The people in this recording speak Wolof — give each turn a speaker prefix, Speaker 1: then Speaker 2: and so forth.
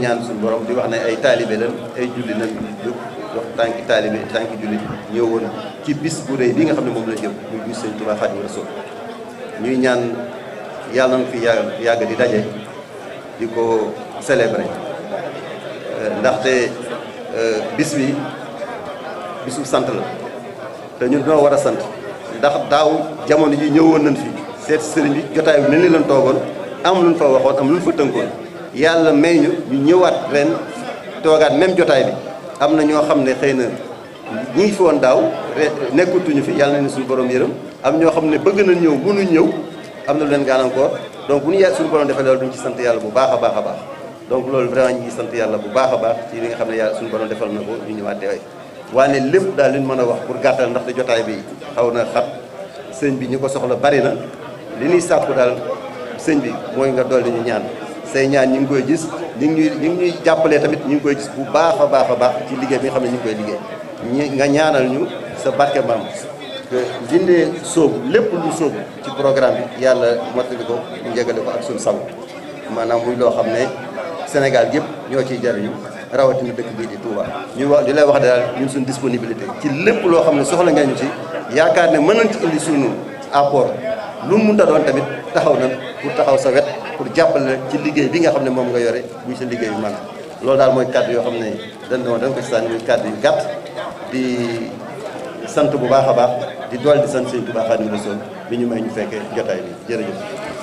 Speaker 1: ñaan suñu borom di wax ne ay taalibe lan ay julli na yëpp dox tànki taalibe tànki julli ñëwoon ci bis bu rëy bi nga xam ne moom la jëm muy bis Sëñ Tuubaa Xaadimu Rasuul ñuy ñaan yàlla na fi yàgg yàgg di daje ko célébrer euh, ndaxte euh, bis bi sant la te ñun war a sant ndax daaw jamono ji ñëwoon nañ seet sëriñ bi jotaay bi mel ni lan toogoon am luñ fa waxoon am luñ fa tënkoon yàlla may ñu ñu ñëwaat ren toogaat même jotaay bi am na ñoo xam ne xëy na ñu ngi fi woon daaw nekkutuñu fi yàlla nañu suñu borom yërëm am ñoo xam ne bëgg na ñëw mënuñ ñëw am na lu leen gàllankoor donc bu ñu yàgg suñu borom defee loolu duñ ci sant yàlla bu baax a baax a baax donc loolu vraiment ñu ngi sant yàlla bu baax a baax ci li nga xam ne yàlla suñu borom defal na ko ñu ñëwaat teewee waane lépp daal li mën a wax pour gàttal ndaxte jotaay bi xaw na xat sëñ bi ñu ko soxla bari na li ñuy sàkku daal sëñ bi mooy nga dool ñu ñaan say ñaan ñu ngi koy gis li ñuy li ñuy jàppalee tamit ñu ngi koy gis bu baax a baax a baax ci liggéey bi nga xam ne ñu koy liggéey ñi nga ñaanal ñu sa barke maam lindee sóobu lépp lu sóobu ci programme bi yàlla mottali ko njegale ko ak suñu saw maanaam muy loo xam ne Sénégal yëpp ñoo ciy jariñu rawatina dëkk bii di Touba ñu wax di lay wax daal ñun suñu disponibilité ci lépp loo xam ne soxla nga ñu ci yaakaar ne mën nañ ci indi suñu apport lu mu doon tamit taxaw na pour jàppale rek ci liggéey bi nga xam ne moom nga yore muy sa liggéey yu man loolu daal mooy kàddu yoo xam ne dañ doon dañ ko ci sànni muy kàddu yu gàtt di sant bu baax a baax di dool di sant bu baax Sëriñ Tuubaa Xaadimu Rasuul bi ñu may ñu fekkee jotaay bi jërëjëf